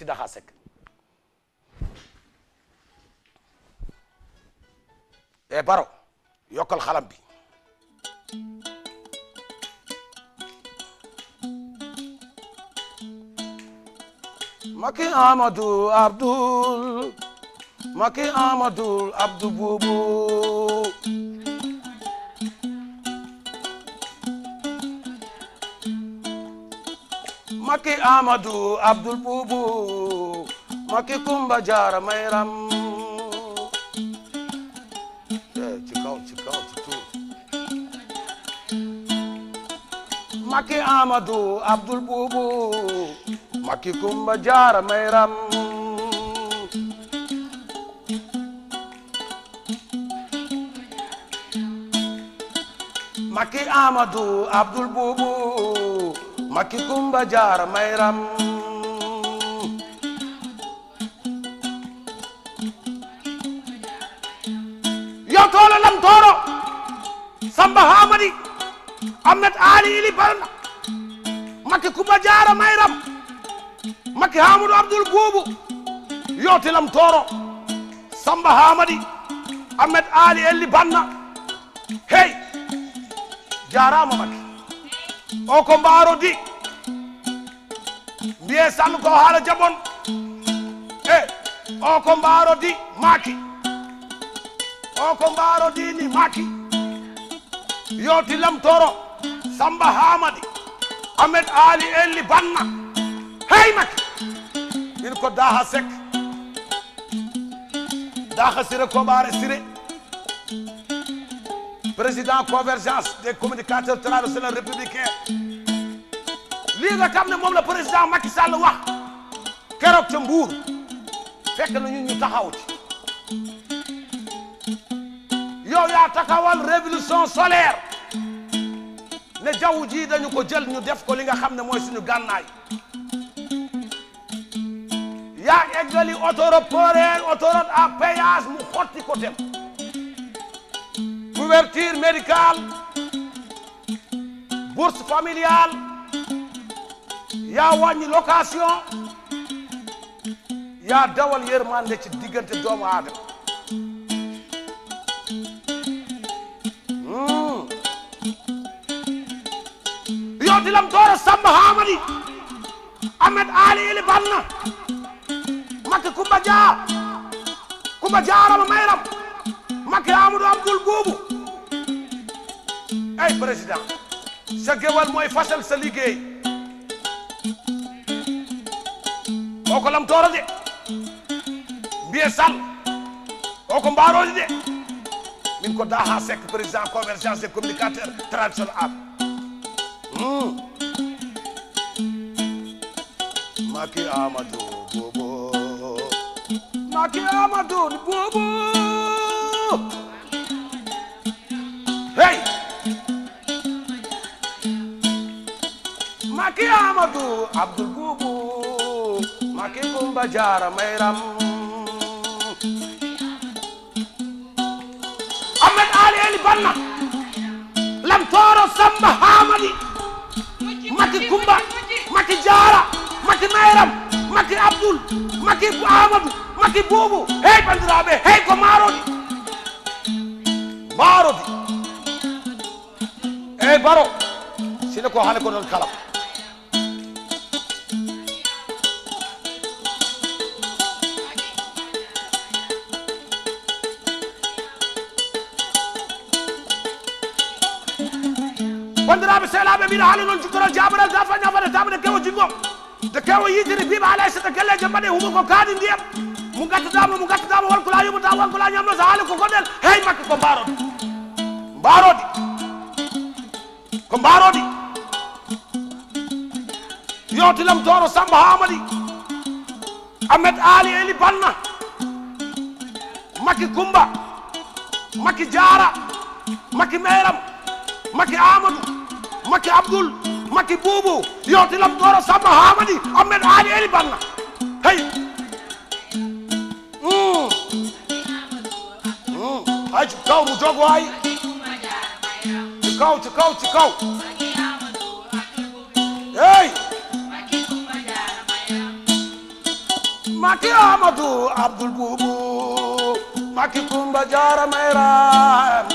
ti daxa sekk e eh, baro yokkal xalam bi maki amadou abdoul maki amadou abdou boubou makki Amadou Abdoul Boubou makki Kumba Jaara Mayram eh, makki Amadou Abdoul Boubou Macky Kumba Jaara may ram yo Samba Hamadi Ahmed Ali Ili Barna Macky Kumba Jaara may ram Macky Hamadou Abdoul Boubou yo Samba Hamadi Ahmed Ali Eli Barna hey jaarama Macky o ko mbaaro di mbiye sannu ko haala jaɓon e eh, o ko mbaarodi maaki o ko mbaarodini maaki yo tilam toro samba hamadi ahmed ali elli banna hey makki min ko daha sek daha sire koɓare sire président convergence des communicateurs traditionnels républicains lii nga xam ne moom la président Macky Sall wax keroog ca Mbuur fekk na ñu taxaw ci yow yaa taxawal révolution solaire ne jaww ji dañu ko jël ñu def ko li nga xam ne mooy suñu gànnaay yaa eggali autoroute porière autoroute à péage mu xotti ko dem couverture médicale bourse familiale yaa wàññi location yaa dawal yërmande ci diggante doomu aadama hmm. yow di lam doora Samba Hamadi Ahmed Ali Eli Banna makki Kumba Dia Kumba Dia Arama Mayram makki Amadou Abdoul Boubou ay président sa géwal mooy fasal sa liggéey o ko lamtooro de mbiye sall o ko mbaarooji de min ko daha sek président convergence des communicateurs traditionnel art hmm. maki amadou bobo maki maki amadou abdoul bobo maki kumba jaara may ram Ahmed Ali eli banna lam tooro samba haamadi maki kumba maki jaara maki mayram maki abdul maki amadou maki buubu hey bandiraɓe hey ko maarodi maarodi e baro sine ko hane ko noon kalam selaɓe selaɓe mbiɗo haala noon cuktoral jabaral ta fañafata taɓaɗe kewo jingo nde kewo yitiri mbiɓa alay sata gelleje mbaɗe huɓo ko kaani ndiyam mo gattadama mo gattadama wonko la yuɓata wonko haali ko goɗɗel hey makko ko mbarode mbarode ko mbarode yowtilam toro samba hamadi ahmed ali eli banna makki coumba makki diara makki meyram makki amadou maki abdoul maki boubou yowti lam toro samba hamadi ammen aali eli banna hey hmm. Hmm. ci kaw mu jogo ay ci kaw ci kaw ci maki amadou abdoul boubou maki kumba jara mayram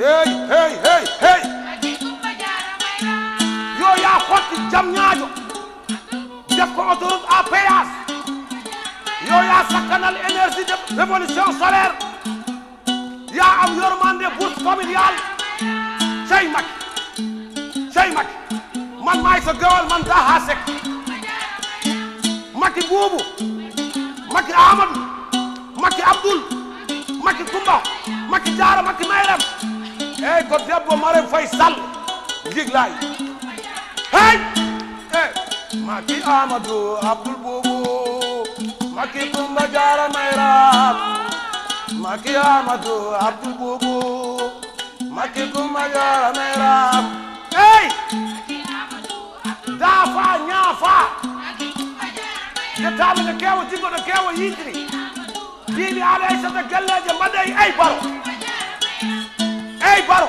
hey hey hey aajo def ko autoroute à péage yow yaa sakkanal énergie de révolution solaire yaa am yërmande bourse familiale cey Macky cey man maay sa gawal man Taha Seck Macky Boubou Macky Amadou Macky Abdoul Macky Koumba Macky Diarra Macky Mayrem ey ko debbo Marème Faye Sall jiglaay hey Macky Amadou Abdoul Boubou Macky Kumba Jaara Mayram Jaara Mayram hey dafa ñaafa yettaaɓe no keewa jiggo no keewa yiidiri jiiɗi aɗa e sata gelleje mbaɗe ey baro ey baro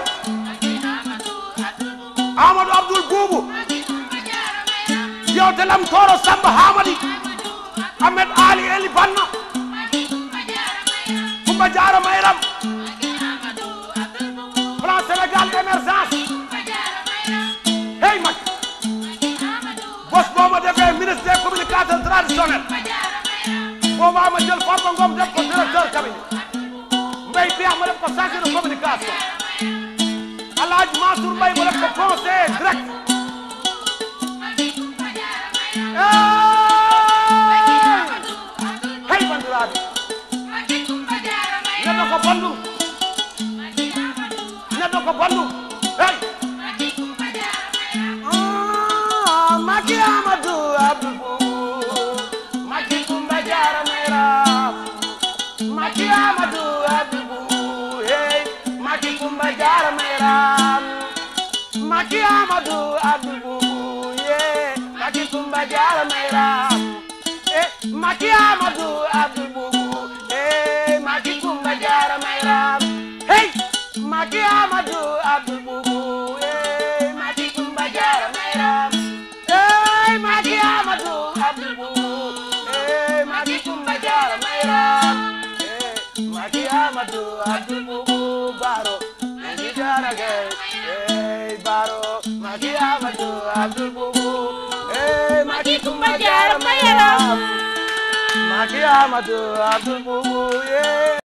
yewtelam toro samba hamadi ahmed ali eli banna kumba jaara mayram plan sénégal émergence hey mag bos boma defee ministre des communications traditionnelles boma ma jël Farba Ngom def ko directeur cabinet mbay beex ma def ko chargé de communication alaaji Mansour Mbaye ma def ko conseiller direct hay bandiraɓe neɗɗo ko bondu neɗɗo ko bondu hey maki amadou abdou maki tumba jaramera maki amadou abdou hey maki tumba jaramera maki Maki Amadou Abdou Boubou hey Maki Kumba Jaara Mayram hey Maki Amadou Abdou Boubou hey Maki Kumba Jaara Mayram hey Maki Amadou Abdou Boubou hey Maki Kumba Jaara Mayram hey Maki Amadou Abdou Boubou Baro Ngi Jaara ge hey Baro Maki Amadou Abdou Boubou hey Maki Kumba Jaara Mayram Magia amateur, I'm